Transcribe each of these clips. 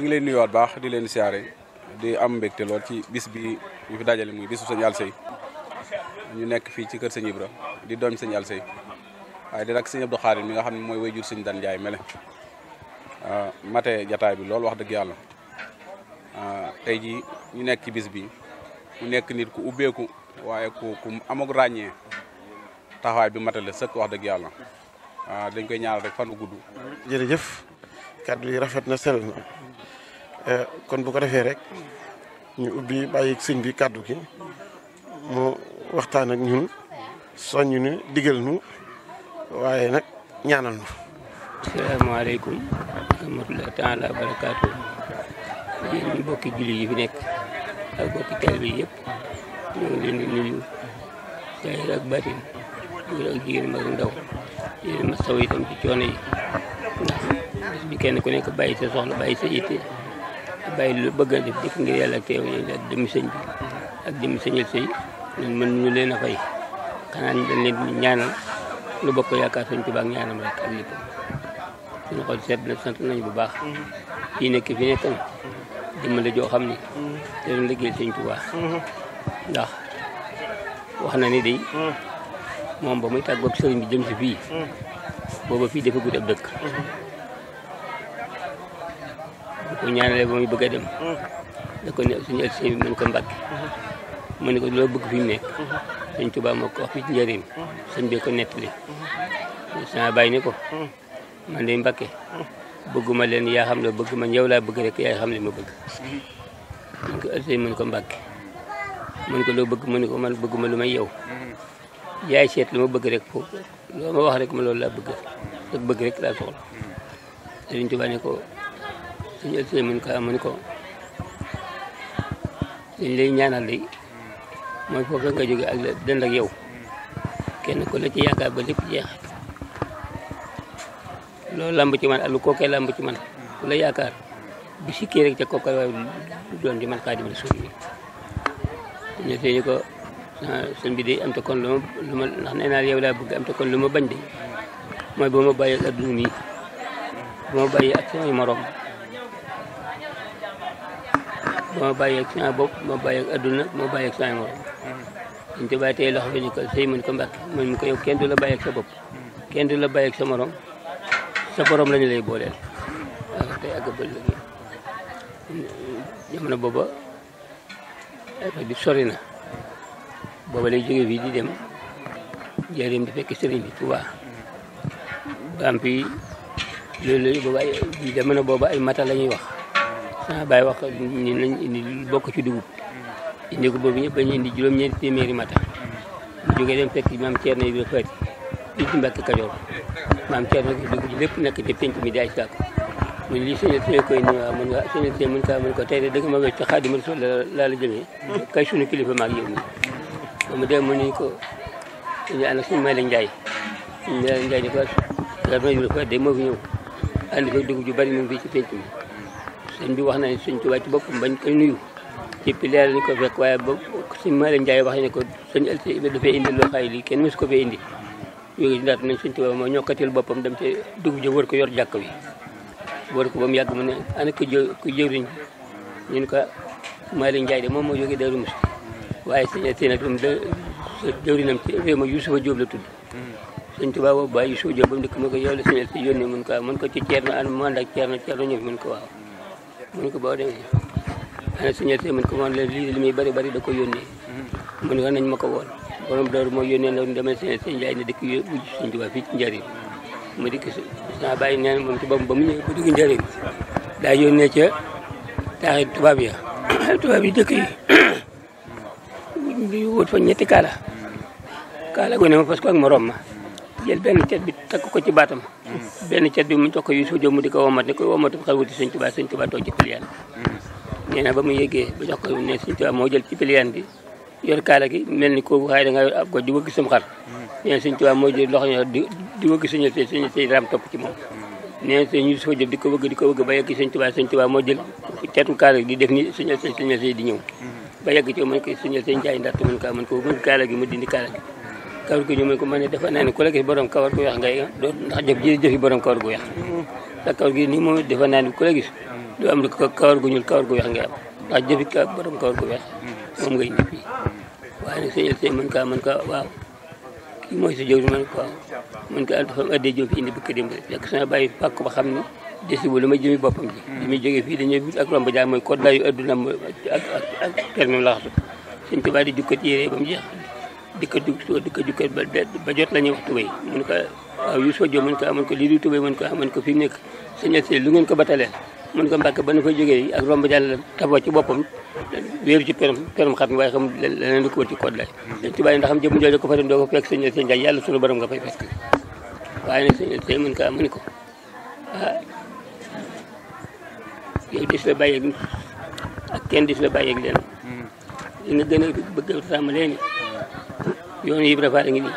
ñu ngi leen nuyuwaat baax di leen siyaare di am mbégte lool ci bis bi ñu fi dajale muy bisu sëñ Alsey ñu nekk fii ci kër sëñ Ibra di doom sëñ Alsey waaye di rak sëñ Abdou mi nga xam ne mooy way jur sëñ Dan Njaay mele ah, mate jataay bi lool wax dëgg yàlla ah, tey ji ñu nekk ci bis bi mu nekk nit ku ubbeeku waaye ku ku amag ràññee taxawaay bi matale sëkk wax dëgg yàlla ah, dañ koy ñaanal rek fan u jërëjëf kàddu yi rafet na sell na eh, kon bu ko defee rek ñu ubbi bàyyi sëñ bi kàddu gi mu waxtaan ak ñun soññ ñu digal ñu waaye nag ñaanal ñu. asalaamaaleykum wa rahmatulah taala wa barakaatu yéen julli yi fi nekk ak mbokki taalibe yi yëpp ñoo ngi leen di nuyu jaay ak baatin góor ak jigéen mag ndaw yéen ma saw itam ci coono yi. kenn ku nekk bàyyi sa soxla bàyyi sa itte bàyyi lu bëgg a def dikk ngir yàlla ak teew ñooñu ak demi sëñ bi ak demi sëñal sëy ñun mën ñu leen a fay xanaa dañ leen lu bokk yaakaar sëñ Tuubaa ak ñaanam rek ak lépp suñu xol seet na sant nañu bu baax kii nekk fi joo xam ne mm-hmm. te doon liggéey sëñ Tuubaa mm-hmm. ndax wax na ni day mm-hmm. moom ba muy tàggoog sëriñ bi jëm si fii booba fii dafa gudd ab ko ñaanalee ba muy bëgg a dem. da ko ne suñu ko mbàkke. mu ne ko loo bëgg fi mu nekk. sëñ Tuubaa moo ko wax fii ci njëriñ. sëñ bi ko nettali. sama bàyyi ne ko. man de mbàkke. leen yaa xam bëgg ma yow laa bëgg rek yaa xam ne ma bëgg. mën ko ëllëg mën ko mbàkke. mën ko loo bëgg mën ko man bëgguma lu may yow. yaay seet lu ma bëgg rek foofu loo ma wax rek ma loolu laa bëgg rek bëgg rek laa soxla. sëñ Tuubaa ko. suñu altine mun ko amuñ ko liñ ñaanal li mooy foofu la nga jóge ak la dend kenn ku la ci yaakaar ba lépp jeex loolu làmb ci man ak kookee làmb ci man ku la yaakaar bu sikkee rek ca kookal waaye du doon ci man kaa dimal suuf bi ñu tey ni ko ah, sëñ bi de am te kon lu ma lu ma ndax nee naa yow laa lu ma bañ de mooy boo ma bàyyi ak adduna mi boo ma bàyyi ak samay morom bu ma bàyyeeg sama bopp bu ma bàyyeeg adduna bu ma bàyyeeg sama morom dañ ko tey loxo bi ni ko sëy mën ko mbàkk mën mi yow kenn du la bàyyeeg sa bopp kenn du la bàyyeeg sa morom sa borom lañu lay booleel waaw tey àgg ba léegi jamono booba affaire bi sori na booba lay jóge fii di dem jërim di fekk sëriñ bi Tuubaa booba ay jamono la ñuy wax ah Baye wax ni nañ indi bokk ci dugub. indi ko boobu ñëpp dañuy indi juróom-ñeenti téeméeri mata. bu jógee dem fekk maam Thierno Ibrahima ci Mbàkke Kajoor maam Thierno dugub ji lépp nekk ci penc mi di aj sàkk mu ne lii suñu suñu koy nii waaw mën suñu ma wecc Xaadimu Rasuul laa la jëmee. kay suñu kilifa maag yow nii. ba mu dem mu ne ko ñu ànd ak suñu Mayla Ndiaye suñu Mayla Ndiaye di ko wax Ibrahima Faty de moo fi ci penc sëñ bi wax na sëñ Tuubaa ci boppam bañ koy nuyu céppi leeral ñu ko fekk waaye ba sëñ Maale Njaay wax ne ko sëñ Alseyda dafay indi loo xay li kenn mësu ko fee indi yooyu si ndaat nañ sëñ Tuubaa moo ñokkatil boppam dem ci dugub ja wër ko yor jàkk bi wër ko ba mu yàgg mu ne ana ko jëw ko ñu ne ko Maale Njaay de moom moo jógee Daaru Musti waaye sëñ Alseyda tam de jëwriñam ci réew ma Yuusufa Jóob la tudd sëñ Tuubaa boobu bàyyi Yuusufa Jóob ba mu dëkk ma ko mun ko waaw mun ko ci Ceerno an mu ànd ak Ceerno Ceerno ñëw mun ko waaw mu ne ko boo demee ana suñu see mu ne ko man leen lii li muy bari bari da ko yónnee mu ne war nañ ma ko woon borom daaru moo yónnee ndaw ni demal seen seen njaay suñ tubaab fii ci njariñ mu dikk sa bàyyi nee na ci boppam ba mu ñëwee ba dugg njariñ daa yónnee ca taaxi tubaab ya tubaab yi dëkk yi wut fa ñetti kala kaala gu ne ma parce que ak morom ma jël benn cet bi takk ko ci baatam benn cet bi mu jox ko Yuusu Jóob mu di ko womat ni koy womatu xar wuti Sëñ Tuubaa Sëñ Tuubaa toog ci ba mu yéegee ba jox ko Sëñ moo jël ci piliyaan bi yor kaala gi mel ni ko xaay da nga yor ab ko di Yuusu Jóob di ko wëgg di ko wëgg ba yegg Sëñ Tuubaa Sëñ Tuubaa moo jël cetu kaala gi di def ni a suñu di ñëw ba yegg ci mën ko suñu Sëñ Njaay ndatt mën ko mën ko mën kaala gi mu dindi kaala gi kawar gu ñu mën ko mën ne dafa naa ne ku la gis borom kawar gu weex ngay doo ndax jëf ji jëfi kawar gu weex ndax kawar gi kawar gu weex ndax jëfi ka kawar gu weex moom ngay indi fii waaye nag sëñ sëñ mën kaa mën kaa waaw kii mooy sa jëw mën ko mën kaa dafa am fi indi bëkk démb fekk sama bàyyi pàkk ba xam ne desi bu li may jëmi boppam ji li muy jógee fii dañuy wut ak romb jaar mooy code laayu adduna ak permi laxatu sëñ tubaab di jukkat yére ba mu jeex di ko di ko di ko ba jot la ñuy wax tubéy mu ne ko waaw Yuusufa Jóob mu ne ko amoon ko lii du tubéy mu ne ko amoon ko fi mu nekk sëñ Asiiru lu ngeen ko bataleel mu ne ko mbàkk ba nu fa jógee ak romb jàll tafoo ci boppam wéeru ci perom xam leneen lu ko wër ci kood lay tubaab yi ndax xam jëmu ko fa ko fekk sëñ Asiiru Njaay yàlla sunu borom nga fay fekk waaye nag sëñ mu ne ko amoon ko ah yow dis la bàyyeeg ak kenn dis la bàyyeeg leen hmm. nga gën a bëgg sàmm leen yoonu Ibra Faal a ngi nii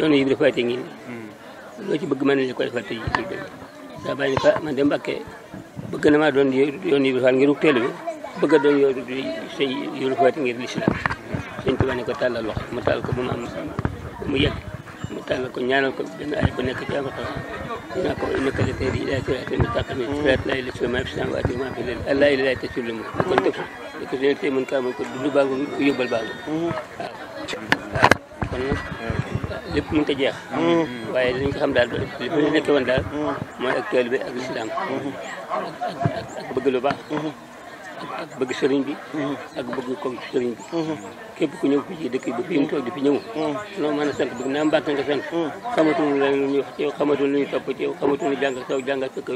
yoonu Ibra Faal ngi nii hmm. loo ci bëgg mën nañu ko defal tey jii dégg nga bàyyi ni man de Mbàkke bëgg na maa doon yoonu Ibra Faal ngir teel bi bëgg a doon yoonu sëñ Ibra Faal ngir lislaam sëñ Tuubaa ko tàllal wax mu tàll ko bu mu am mu yegg mu tàllal ko ñaanal ko benn ay nekk ci amatam dinaa ko nekk la tey di ilaay siraat mustaqim hmm. siraat laa ilaaha illa ko def ko ko dund baaxul yóbbal baaxul hmm. kon lépp mënut a jeex. Mm. waaye li ñu ko xam daal li ma nekkee woon daal. Mm. mooy ak tool bi ak lislaam ak mm-hmm. bëgg lu baax. Mm-hmm. bëgg sëriñ bi ak bëgg ko sëriñ bi képp ku ñëw fii ci dëkk bi fi mu toog di fi ñëw noo mën a sant bëgg naa mbàkk nga sant xamatuñu lan lu ñuy wax ci yow xamatuñu lu ñuy topp ci yow xamatuñu jàngal saw jàngal fekk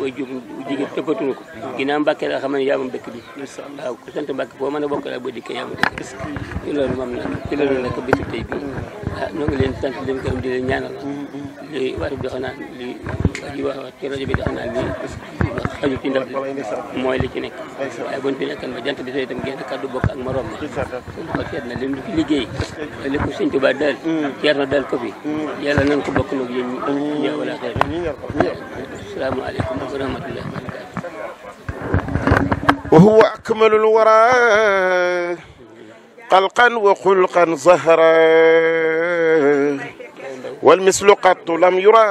way jub jigéen toppatuñu ko ginnaaw mbàkkee la xam ne yaa moom dëkk bi waaw ku sant mbàkk foo mën a bokk la boo dikkee yaa moom dëkk ci loolu moom la ci loolu nag bisu tey bi ah ñoo ngi leen sant leen gërëm di leen ñaanal li war bi xam naa li wax ci rajo bi xam naa li xaju fi ndax mooy li ci nekk waaye buñ fi nekkan ba jant bi soo itam génn kàddu bokk ak morom ma suñu ko seet na lim fi liggéey lépp sëñ Tuubaa daal ceer na daal ko fi yàlla nan ko bokk nag yéen ñi ñëw wala xeer asalaamaaleykum wa rahmatullahi wa barakatu wa huwa akmalul wara xalqan wa xulqan zahra wal mislu qattu lam yura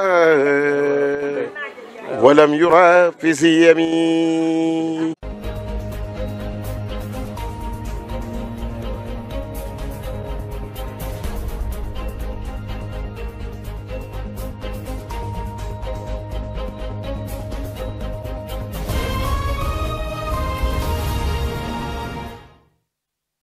ولم يرى في سيمي